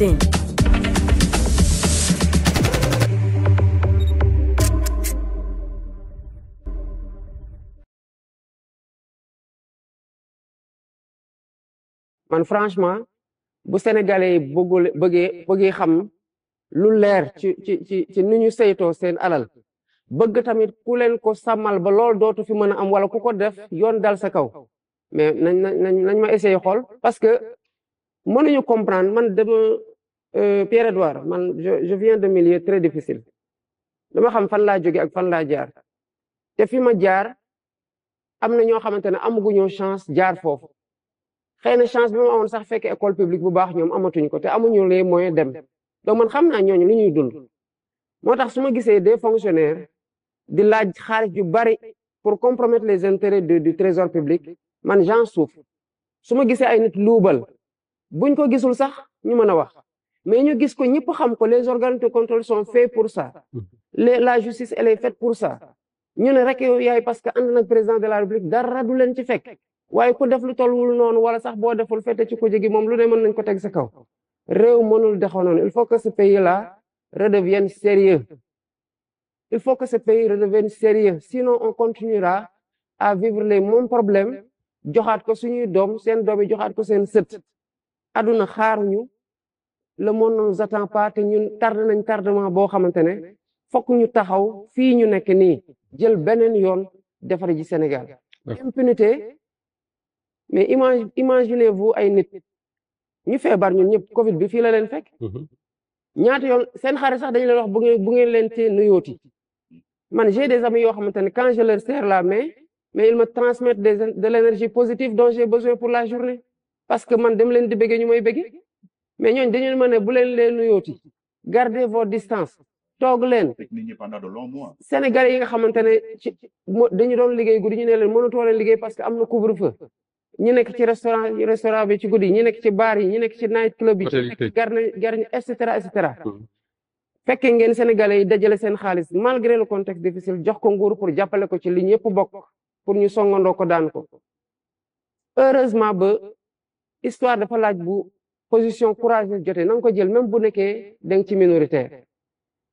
thing. man franchement bu sénégalais yi bëggul bëggee bëggee xam lu leer ci ci ci ci ni ñu saytoo seen alal bëgg tamit ku leen ko sàmmal ba lool dootu fi mën a am wala ku ko def yoon dal sa kaw mais nañ nañ nañ ma essayé xool parce comprendre man dama Euh, Pierre-Edouard man je je viens de milieu très difficile dama xam fan la jogué ak fan la jaar Té fi ma jaar am ño ñoo xamante ne chance jaar fofu. xëy chance bi ma amoon sax fekk école publique bu baax ñom amatuñ ko té amuñu les moyens dem donc man xam naa ñooñu lu ñuy dund. Motax suma su des fonctionnaires di laaj xaalis ju bari pour compromettre les intérêts du du trésor public man j'en souffre su ma ay nit loubal buñ ko gisul sax ñu mëna wax mais nous gis ko ñëpp xam ko les organes de contrôle sont faits pour ça mm-hmm. la justice elle est faite pour ça Nous ne rek pas parce qu'un président de la république dara du leen ci fekk waaye ku def lu tolluwul voilà wala sax boo deful fait, ci ko jegi moom lu ne mën nañ ko teg sa kaw réew mënul il faut que ce pays là redevienne sérieux il faut que ce pays redevienne sérieux sinon on continuera à vivre les mêmes problèmes joxaat ko suñuy dom seen doom yi joxaat ko seen sët aduna xaaruñu le monde ne nous attend pas te ñun tardé nañ tardement ñu jël yoon ji Sénégal impunité mais imaginez-vous ay nit ñu fébar ñun covid bi la mhm. yoon sax leen wax bu ngeen j'ai des amis quand je leur serre la main mais ils me transmettent de l'énergie positive dont j'ai besoin pour la journée parce que man dem leen di ñu mais ñooñ dañu mën ne bu leen leen nuyooti gardez vos distances toog leen Sénégalais yi nga xamante ne dañu doon liggéey guddi ñu ne leen mënatoo leen liggéey parce que am na couvre feu ñu nekk ci restaurant restaurant bi ci guddi ñi nekk ci bar yi ñi nekk ci night club yi garni garni et cetera et mm-hmm. fekkee ngeen sénégalais yi dajale seen xaalis malgré le contexte difficile jox ko nguur pour jàppale ko ci li ñëpp bokk pour ñu songandoo ko daan ko heureusement ba histoire dafa position courageuse jotee na nga ko jël même bu nekkee da nga ci minoritaire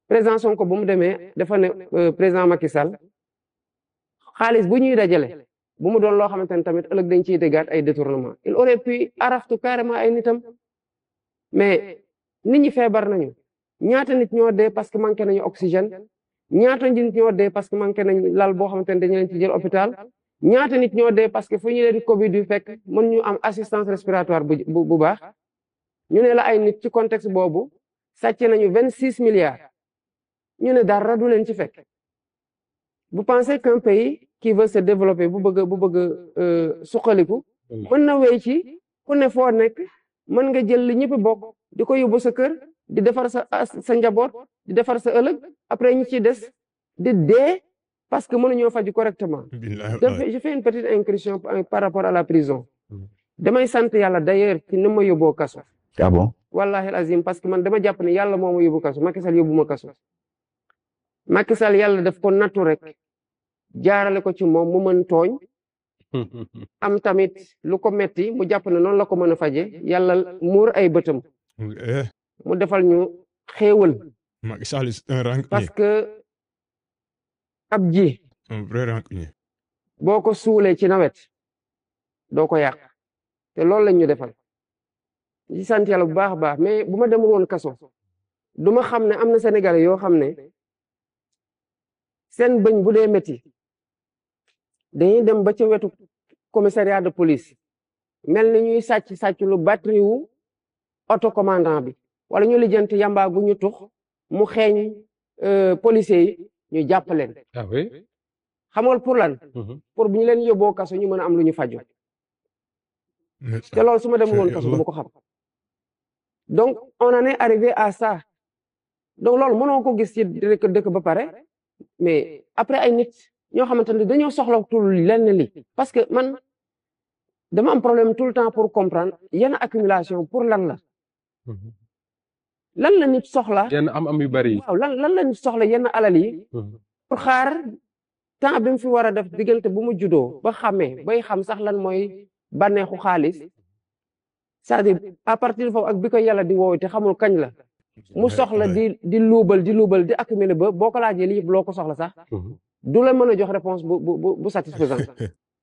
président Sonko bu mu demee dafa ne euh, président Macky Sall xaalis bu ñuy dajale bu mu doon loo xamante ne tamit ëllëg dañ ciy déggaat ay détournement il aurait pu araftu carrément ay nitam mais nit ñi feebar nañu ñaata nit ñoo dee parce que manqué nañu oxygène ñaata nit ñoo dee parce que manqué nañu lal boo xamante ne dañu leen ci jël hôpital ñaata nit ñoo dee parce que fu ñu Covid yu fekk mën ñu am assistance respiratoire bu bu baax ñu ne la ay nit ci contexte boobu sàcc nañu 26 milliards ñu ne dara du leen ci fekk bu pensez qu'un pays qui veut se développer bu bëgg bu bëgg a euh, suqaliku mën na wéy ci ku ne foo nekk mën nga jël li ñëpp bokk di ko yóbbu sa kër di defar sa ah, sa njaboot di defar sa ëllëg après ñu ci des di dee parce que mënuñoo faju correctement donc je fais une petite incursion par rapport à la prison mm. damay sant yàlla d'ailleurs ci ni ma yóbboo kaso ah bon wallahi azim parce que man dama jàpp ne yàlla moo ma yóbbu kaso Macky Sall makisal ma kaso yàlla daf ko nattu rek jaarale ko ci moom mu mën tooñ am tamit lu ko metti mu jàpp na noonu la ko mën a faje yàlla muur ay bëtam eh. mu defal ñu xéewal Macky parce que ab ji boo ko suulee ci nawet doo ko yàq te loolu lañ ñu defal di sant yàlla bu baax a baax mais bu ma demul woon kaso du ma xam ne am na sénégalais yoo xam ne seen bëñ bu dee metti dañuy dem ba ca wetu commissariat de police mel na ñuy sàcc sàcc lu batterie wu commandant bi wala ñu lijjanti yamba gu ñu tux mu xeeñ euh, policiers yi ñu jàpp leen. ah oui xam nga pour lan. Mm-hmm. pour bu ñu leen yoboo kaso ñu mën a am lu ñu faju te lool su ma demul woon kaso du ko xam. donc on en est arrivé à ça donc loolu mënon ko gis ci dëkk dekk ba paré mais après ay nit ño xamante dañu dañoo tout lenn li parce que man dama am problème tout le temps pour comprendre yene accumulation pour lan la. Mhm. lan la nit soxla. yene am-am yu bari waaw lan lan la nit soxla yene alal yi. Mhm. pour xaar temps bi mu fi wara a def diggante bu mu juddoo ba xamé bay xam sax lan moy banexu xaliss cest à à partir de foofu ak bi yàlla di woowu te xamul kañ la mu soxla di di luubal di luubal di accumuler ba boo ko laajee li yëpp loo ko soxla sax mm-hmm. du la mën a jox réponse bu bu bu satisfaisante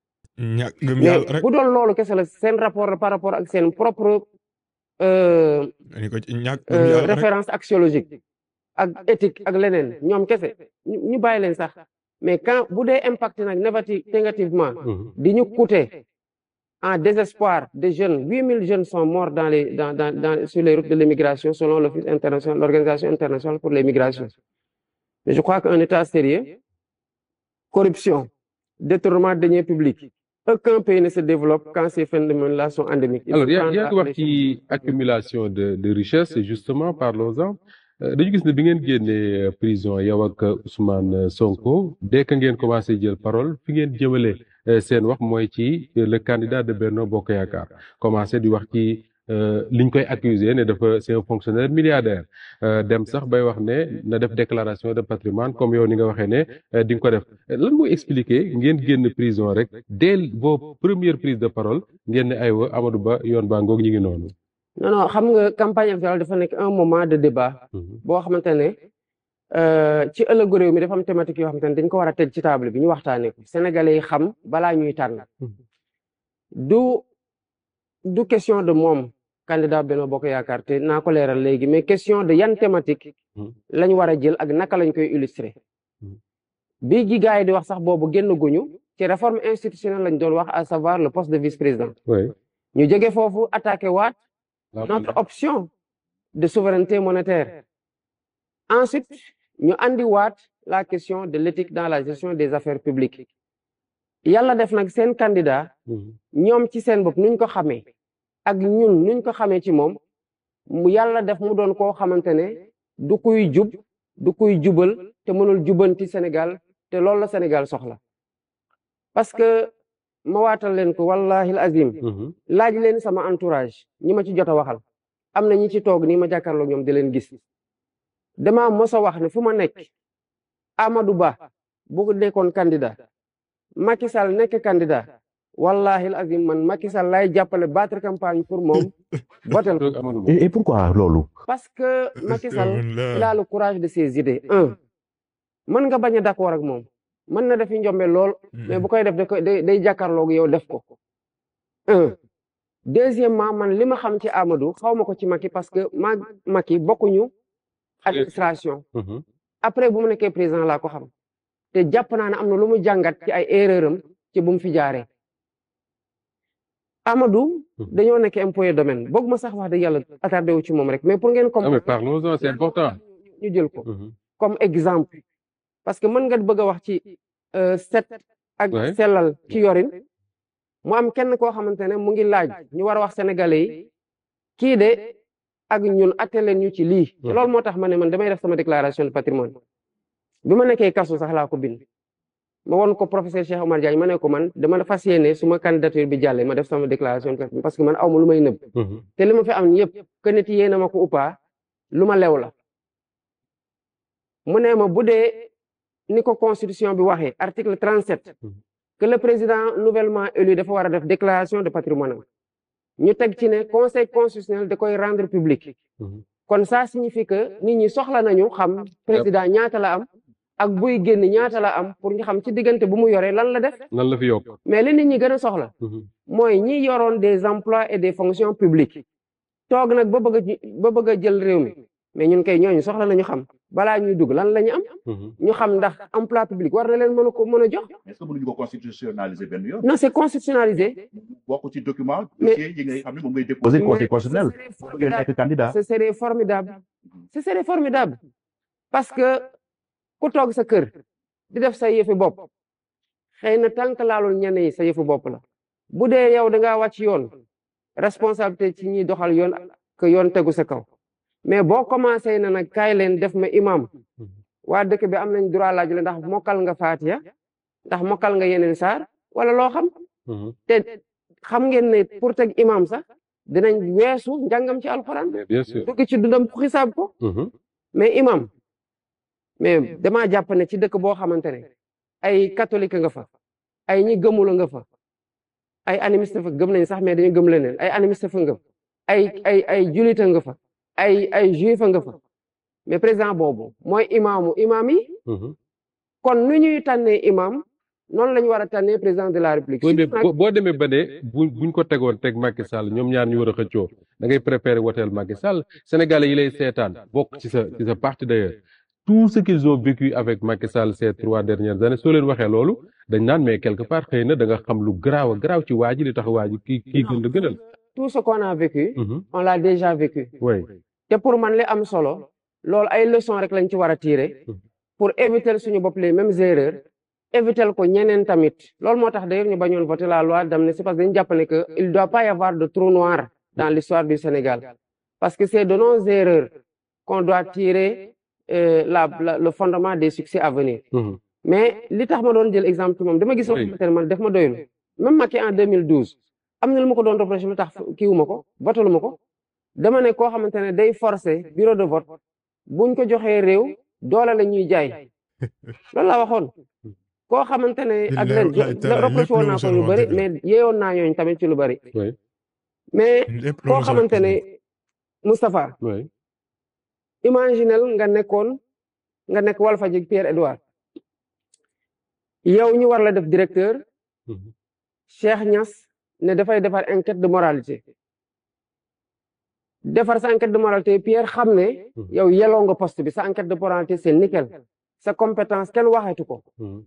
mais bu doon loolu kese la seen rapport par rapport ak seen propre euh, euh, référence axiologique ak éthique ak leneen ñoom kese ñu bàyyi leen sax mais quand bu dee impacté nag négativement mm-hmm. di ñu coûter en désespoir des jeunes. 8000 jeunes sont morts sur les routes de l'immigration selon l'Organisation internationale pour l'immigration. Mais je crois qu'un État sérieux, corruption, détournement de deniers publics, aucun pays ne se développe quand ces phénomènes-là sont endémiques. Alors, il y a, y a une accumulation de, richesses, justement, parlons-en. Euh, dañu gis ne bi une prison, euh, prison yow ak euh, Ousmane Sonko dès que ngeen commencé jël parole fi ngeen c'est euh, wax mooy ci euh, le candidat de Bernard Il a commencé di wax ci euh, liñ koy accuser ne dafa c'est un fonctionnaire milliardaire dem sax bay wax ne na def déclaration de patrimoine comme yow ni nga waxee ko def prison rek dès vos première prise de parole ngeen ne aywa Amadou Ba yoon baa ngoog ñi non campagne un moment de débat. Mhm. boo euh, ci ëllëgu réew mi dafa am thématique yoo xam ne dañ ko war a teg ci table bi ñu waxtaanee ko sénégalais yi xam balaa ñuy tànn hmm. du du question de moom candidat Benno Bokk Yaakaar te naa ko leeral léegi mais question de yan thématique hmm. lañ war a jël ak naka lañ koy illustrer hmm. bii gi gars yi di wax sax boobu génn guñu ci réforme institutionnelle lañ doon wax à savoir le poste de vice-président ñu jege foofu attaqué waat notre option de souveraineté monétaire ensuite ñu andi waat la question de l'éthique dans la gestion des affaires publiques yàlla def nag seen candidat mm-hmm. ñoom ci seen bopp nuñ ko xamee ak ñun nuñ ko xamee ci moom mu yàlla def mu doon koo xamante ne du kuy jub du kuy jubal te mënul jubanti Sénégal te loolu la Sénégal soxla parce que ma waatal leen ko wallahi azim mm-hmm. laaj leen sama entourage ñi ma ci jot a waxal am na ñi ci toog nii ma jàkkaarloo ñoom di leen gis dama mosa wax ne fu ma nekk Amadou Ba bu nekkoon candidat Macky Sall nekk candidat wallahi azim man Macky Sall lay jàppale battre campagne pour moom votel et pourquoi loolu parce que Macky Sall a le courage de ses de un mën nga bañ a d'accord ak moom mën na defi njombe lool mais bu koy def da koy day jàkkaarloog yow def ko un deuxièmement man li ma xam ci Amadou xaw ma ko ci Macky parce que ma Macky bokkuñu administration mm-hmm. après bu mu nekkee président laa ko xam te jàpp naa ne am na lu mu jàngat ci ay erreur ci bu mu fi jaaree Amadou mm-hmm. dañoo nekk de domaine boog ma sax wax dëgg yàlla attardé wu ci moom rek mais pour ngeen ah, en c'est ñu jël ko mm-hmm. comme exemple parce que mën nga bëgg a wax ci euh, set ak sellal ci yorin mu am kenn koo xamante ne mu ngi laaj ñu war a wax sénégalais yi ak ñun até leen ñu ci li hmm. lool motax mané ma man damay def sama déclaration de patrimoine bima ma kasso sax la ko bind ma won ko professeur Cheikh Omar Diagne ma ko man dama fas yéene su ma candidature bi jallé ma def sama déclaration parce que man awmu lumay neub hmm. té lima ma fi am yëpp ke nit yéena ma ko upaa luma ma lew la mune ma budé dee ni ko constitution bi waxé article 37 hmm. que le président nouvellement élu dafa wara def déclaration de patrimoine ñu teg ci ne conseil constitutionnel da koy rendre public. Mhm. kon ça signifie que nit ñi soxla nañu xam président ñaata la am ak buy génn ñaata la am pour ñu xam ci diggante bu mu yoree lan la def. lan la fi yokk mais li nit ñi gën a soxla. Mhm. mooy ñi yoroon des emplois et des fonctions publiques. toog nag ba bëgg a ba bëgg jël réew mi. mais ñun kay ñooñu soxla nañu xam balaa ñuy dug lan lañu ñu am. Mhm. ñu xam ndax emploi public war na leen mën a mën a jox. est-ce que mënuñu ko constitutionnaliser benn yoon. non c'est constitutionnalisé. bokk ci document. mais yi ngay xam ne moom ngay ce serait formidable. ce serait formidable parce que ku toog sa kër di def sa yëfi bopp xëy na tànk laalul ñenn yi sa yëfu bopp la bu dee yow da ngaa wàcc yoon responsabilité ci ñiy doxal yoon yoon tegu sa kaw. mais bo commencé na nak kay len def ma imam mm-hmm. wa dekk bi am nañ droit laj la ndax mokal nga fatia ndax mokal nga yenen sar wala lo xam mm-hmm. te xam ngeen ne pour tek imam sax dinañ wessu jangam ci alxuraan dugg ci dundam ko hisab mm-hmm. ko mais imam mais dama japp ne ci dekk bo xamantene ne ay catholique nga fa ay ñi gëmul nga fa ay animiste fa gëm nañ sax mais dañu gëm leneen ay animiste fa nga ay ay ay julita nga fa ay ay juif nga fa mais président boobu mooy imaamu imaam yi. Mhm. kon nu ñuy tànnee imaam noonu la ñu war a tànnee président de la république. boo demee ba ne bu buñ ko tegoon teg Macky Sall ñoom ñaar ñu war a xëccoo da ngay préféré woteel Macky Sall sénégalais yi lay seetaan bokk ci sa sa parti d'ailleurs tout ce qu'ils ont vécu avec Macky Sall ces trois dernières années soo leen waxee loolu dañ naan mais quelque part xëy na da xam lu garaaw a garaaw ci waa ji li tax waa kii kii tout ce qu'on a vécu. Mhm. on l'a déjà vécu. oui pour moi, li am solo. loolu ay leçon rek lañ tirer. Mhm. pour éviter suñu bopp les mêmes erreurs. éviter ko ñeneen tamit. loolu moo tax d'ailleurs nous bañoon voté la loi c'est parce que ne doit pas y avoir de trou noir dans l'histoire du Sénégal. parce que c'est de nos erreurs qu'on doit tirer euh, la, le fondement des succès à venir. Mhm. mais li tax ma donner jël exemple Je dama gis. vous ma même en 2012. am na ko doon reproché lu tax kiiwu ma ko votalu ma ko dama ne koo xamante ne day forcé bureau de vote buñ ko joxee réew doole la ñuy jaay loolu waxoon koo xamante ne ak leen bëri mais yeewoon naa ñooñ tamit ci lu bëri mais koo xamante ne Moustapha imaginel nga nekkoon nga nekk Walfadjri Pierre Edouard yow ñu war def directeur mhm. Cheikh Niass ne dafay defar enquête de moralité defar sa enquête de moralité Pierre xamné hmm. yow yelo nga poste bi sa enquête de moralité c'est nickel sa compétence ken waxatu ko hmm.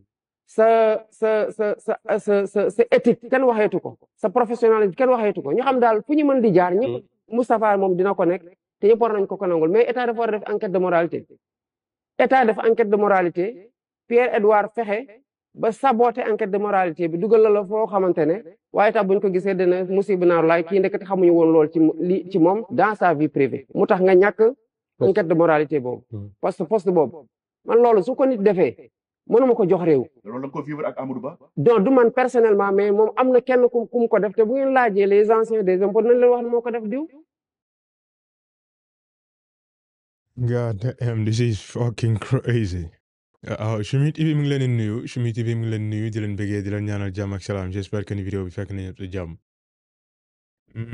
sa sa sa sa sa sa sa éthique ken waxatu ko sa professionnalisme ken waxatu ko ñu xam dal fu ñu mën di jaar ñi hmm. Moustapha mom dina ko nek té ñu por nañ ko ko nangul mais état dafa def enquête de moralité état def enquête de moralité Pierre Edouard fexé ba saboté enquête de moralité bi dugal la foo xamante ne waaye tax buñ ko gisee dana musiba naaru laay kii ndekete xamuñu woon lool ci li ci moom dans sa vie privée mu tax nga ñàkk enquête de moralité boobu hmm. parce que poste boobu man loolu su ko nit defee mënuma ko jox réew loolu ko vivre ak Ba non du man personnellement mais moom am na kenn ku mu ko def te bu ngeen laajee les anciens des impôts nañ leen wax ne moo ko def diw God damn, waaw ah, Choumi TV mi ngi leen di nuyu Choumi TV mi ngi leen nuyu di leen bëggee di leen ñaanal jàmm ak salaam j'espère que ni vidéo bi fekk na ñëpp di jàmm.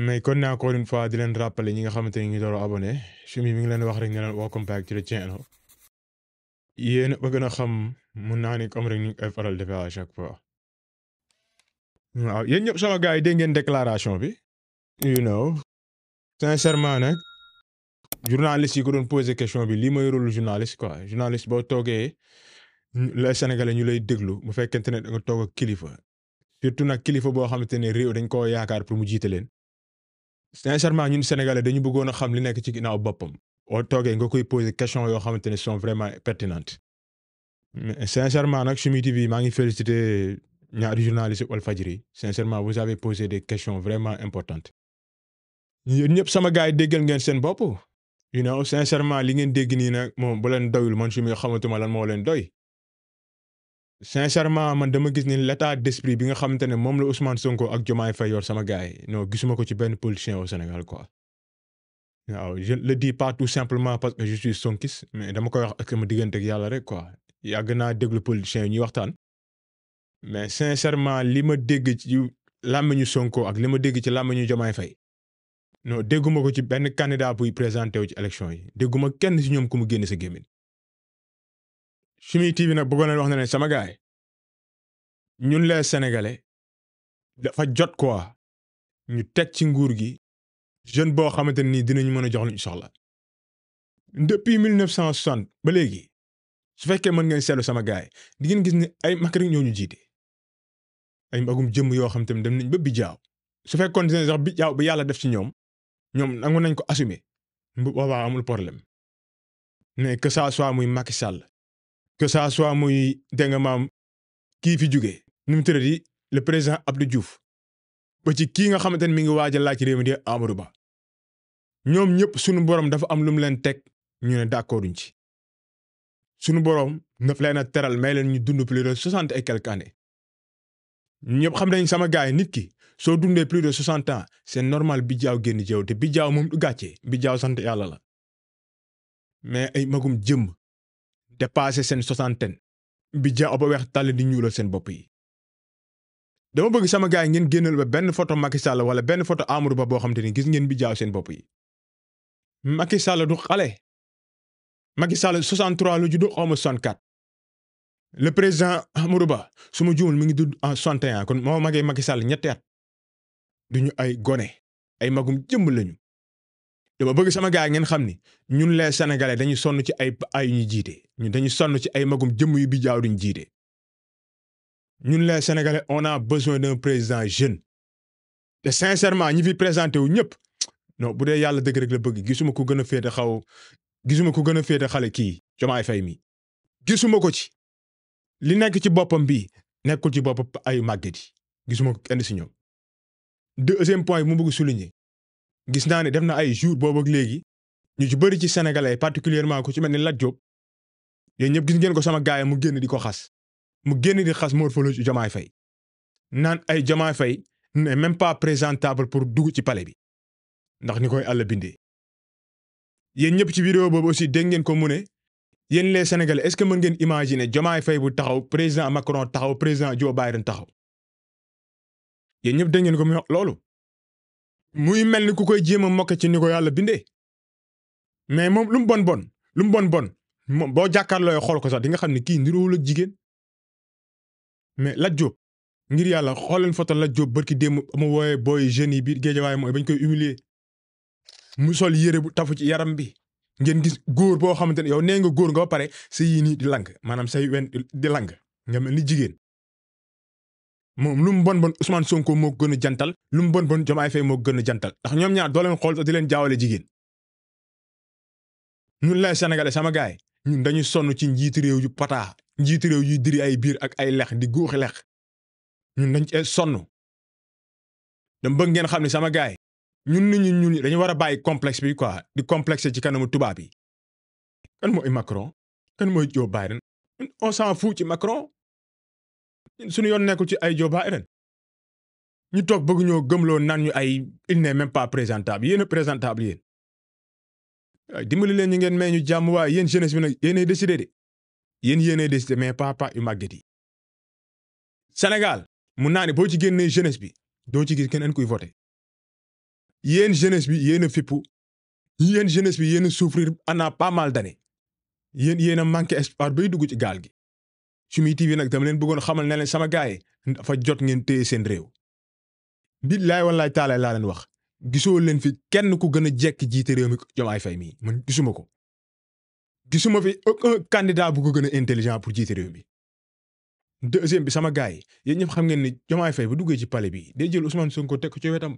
mais kon naa encore une fois di leen rappale ñi nga xamante ni ñu ngi doon abonné Choumi mi ngi leen wax rek ñu leen welcome back to the channel. yéen a gën xam mun naa ni comme rek ñu ngi koy faral chaque fois. waaw yéen ñëpp sama gars yi dégg ngeen déclaration bi. you know journaliste yi ko doon poser question bi lii mooy rôle journaliste quoi journaliste boo toogee la Sénégalais ñu lay déglu mu fekkente ne da nga toog kilifa surtout nag kilifa boo xamante ne réew dañ koo yaakaar pour mu jiite leen sincèrement ñun Sénégalais dañu bëggoon a xam li nekk ci ginnaaw boppam. boo toogee nga koy poser question yoo xamante ne sont vraiment pertinentes mais sincèrement nag Choumi TV maa ngi félicité ñaari journaliste Walfadjri sincèrement vous avez posé des questions vraiment importantes. yéen ñëpp sama gars yi déggal ngeen seen bopp. you know sincèrement li ngeen dégg nii nag moom bu leen doyul man su mi ma lan moo leen doy sincèrement man dama gis ni l'état d'esprit bi nga xamante ne moom la Ousmane Sonko ak Diomaye Faye yor sama gars yi non gisuma ko ci benn politicien au Sénégal quoi waaw je le dis pas tout simplement parce que je suis sonkis mais dama koy wax ak sama diggante ak yàlla rek quoi yàgg naa déglu politicien ñuy waxtaan mais sincèrement li ma dégg ci làmmiñu Sonko ak li ma dégg ci làmmiñu Diomaye Faye non dégguma ko ci benn candidat buy présenté wu ci élection yi dégguma kenn ci ñoom ku mu génne sa gémmiñ Choumi TV nag bëggoon wax na ne sama gaay ñun les senegale dafa jot quoi ñu teg ci nguur gi jeune boo xamante ni dinañ mën a jox luñ soxla depuis 1960 ba léegi su fekkee mën ngeen selu sama gaay di ngeen gis ni ay mag ñoo ñu jiite ay magum jëmm yoo xam tamit dem nañ ba bijaaw su fekkoon ne sax bijaaw bi yàlla def ci ñoom ñoom nangu nañ ko assumer bu boobaa amul problème mais que ça soit muy Macky Sall que ça muy dégg nga kii fi jóge nu mu tëddee le président Abdou Diouf ba ci kii nga xamante ne mi ngi waaja a laaj réew mi di Amadou Ba ñoom ñëpp sunu borom dafa am lu mu leen teg ñu ne d'accord duñ ci sunu borom daf leen a teral may leen ñu dund plus de soixante et quelques années ñëpp xam nañ sama gaay nit ki. so dundé plus de 60 ans c'est normal bi bijaaw génn jëw bi jaw moom du gatché bi jaw sante yalla la mais ay magum jëm dépassé sen seen bi jaw ba weex tal di ñuulal sen bop yi. dama bëgg sama gaay ngeen gënal ba benn photo Macky Sall wala benn photo Amadou Ba bo xamanteni gis ngeen bi jaw sen bop yi Macky Sall du xalé Macky Sall 63 lu judd xaw ma 64. le président Amadou Ba suma ma mi ngi dudd en 61 kon mo magay Macky Sall ñetti du ñu ay gone ay magum jëmm lañu dama bëgg sama gaa ngeen xam ni ñun les sénégalais dañu sonn ci ay ay ñu jiite ñu dañu sonn ci ay magum jëmm yu bi jaaw duñ jiite ñun les sénégalais on a besoin d'un président jeune te sincèrement ñi fi présenté wu ñëpp no bu dee yàlla dëgg rek la bëgg gisuma ko gën a féete xaw gisuma ko gën a xale kii Diomaye Faye mi gisuma ko ci li nekk ci boppam bi nekkul ci boppam ay màgget gisuma ko kenn si ñoom deuxième point bi mu bëgg souligner gis naa ne def na ay jours boobu ak léegi ñu ci bëri ci sénégalais particulièrement ku ci mel ni Lat Diop yéen ñëpp gis ngeen ko sama gaay mu génn di ko xas mu génn di xas morphologie Diomaye Faye naan ay Diomaye fay n'est même pas présentable pour dugg ci pale bi ndax ni koy àll bindee. yéen ñëpp ci vidéo boobu aussi dégg ngeen ko mu ne yéen les sénégalais est-ce que mën ngeen imaginer Diomaye fay bu taxaw président Macron taxaw président Joe ren taxaw yéen ñëpp dégg ngeen ko muy wax mel ni ku koy jéem a mokke ci ni ko yàlla bindee mais moom lu mu bon bon lu mu bon bon moom boo jàkkaarloo xool ko sax di nga xam ne kii niroowul ak jigéen mais Lat Diop ngir yàlla xool leen foto Lat Diop barki démb mu wooyee booy jeunes yi biir géejawaay mooy bañ koy humilier mu sol yére bu tafu ci yaram bi ngeen gis góor boo xamante ne yow nee nga góor nga ba pare sa yii nii di lang maanaam say wen di lang nga mel ni jigéen moom lu mu bon bon Ousmane Sonko moo gën a jantal lu mu bon bon Diomaye Faye moo gën a jantal ndax ñoom ñaar doo leen xool di leen jaawale jigéen ñun lay sénégalais sama gaay ñun dañu sonn ci njiitu réew yu pata njiitu réew yu diri ay biir ak ay lex di guuxi lex ñun dañ ci sonn dama bëgg ngeen xam ne sama gaay ñun nit ñi ñun dañu war a bàyyi complexe bi quoi di complexe ci kanamu tubaab yi. kan mooy Macron kan mooy Joe Biden on s'en fout ci Macron suñu yoon nekkul ci ay Joba ren ñu toog bëgguñoo ñoo gëmloo naan ñu ay il n'est pas présentable yéen a présentable yéen. waaye dimbali leen ñu ngeen may ñu jàmm waaye yéen jeunesse bi nag yéenay décidé de yéen yéenay décidé mais pas pas yu màgget yi. Sénégal mun naa boo ci génnee jeunesse bi doo ci gis keneen kuy voté yéen jeunesse bi yéen a fippu yéen jeunesse bi yéen a souffrir ana pas mal d'années yéen a manqué espoir bay dugg ci gaal gi. Choumi TV nag dama leen bëggoon xamal ne sama gaay dafa jot ngeen téye seen réew. billaay wallaay taalaay laa leen wax gisoo leen fi kenn ku gën a jekk jiite réew mi jomaay fay mii man gisuma ko. gisuma fi aucun bu ko gën a intelligent pour jiite réew mi. deuxième bi sama gaay yi yéen ñëpp xam ngeen ni Diomaye Faye bu duggee ci pale bi day jël Ousmane Sonko teg ko ci wetam.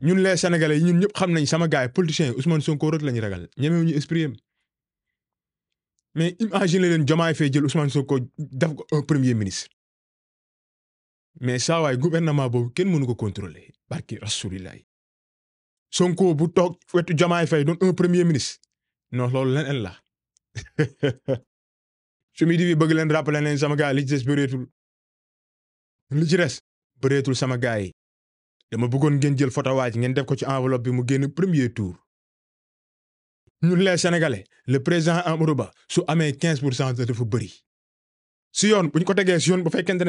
ñun les sénégalais yi ñun ñëpp xam nañ sama gaay yi politiciens yi Ousmane Sonko rek la ñu ragal ñemewuñu exprimer mais imagine leen Diomaye Faye jël Ousmane Sonko def ko un premier ministre mais saa waay boobu kenn mënu ko contrôler barki rasulilaay Sonko bu toog wetu Diomaye Faye doon un premier ministre non loolu leneen la su midi bëgg leen rappeler leen sama gars li ci des bëreetul li des bëreetul sama gars yi dama buggoon ngeen jël photo waaj ngeen def ko ci enveloppe bi mu génn premier tour Nous, les sénégalais le président Amourouba, sous su 15 de cent si on pour une ko tegee si yoon bu fekkente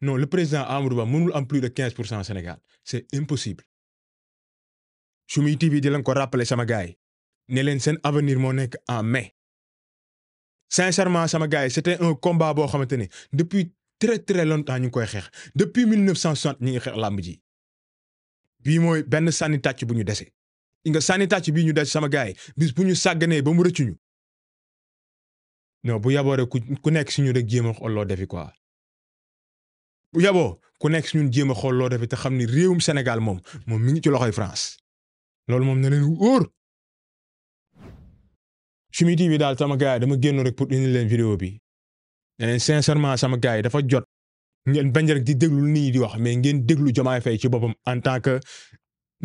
non le président Amourouba, nous mënul plus de 15 en Sénégal c'est impossible. Choumi TV di leen ko rappeler sama gars Né ne leen avenir moo en mai sincèrement sama c'était un combat à xamante depuis très très longtemps ñu depuis 1960 ñu ngi xeex Puis, ji bii mooy benn sànni tàcc bu nga sànni tàcc bii ñu def sama gaay bis bu ñu sàgganee ba mu rëccuñu non bu yaboo rek ku nekk si ñu rek jéem a xool loo defi quoi bu yaboo ku nekk si ñun jéem a xool loo defi te xam ni réewum Sénégal moom moom mi ngi ci loxoy France loolu moom na leen wóor. Choumi TV bi daal sama gaay dama génn rek pour indi leen vidéo bi eh, sincèrement sama gaay dafa jot ngeen bañ rek di déglu nii di wax mais ngeen déglu Diomaye Faye ci boppam en tant que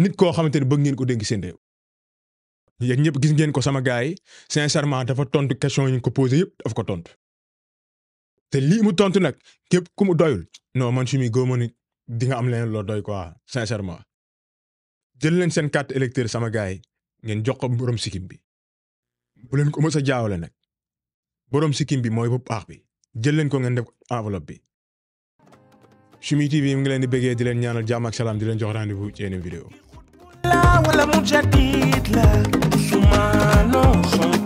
nit koo xamante ni bëgg ngeen ko dénk seen réew yéen ñëpp gis ngeen ko sama gars yi sincèrement dafa tontu question ko posé yëpp daf ko tontu te lii mu tontu nag képp ku mu doyul noo man su mi góoma ni di nga am leen loo doy ko quoi sincèrement jël leen seen carte électeur sama gars yi ngeen jox ko borom sikkim bi bu leen ko mës a jaawale nag borom sikkim bi mooy bu baax bi jël leen ko ngeen def enveloppe bi Choumi TV mu ngi leen di bëggee di leen ñaanal jàmm ak wala là jadid la Non, son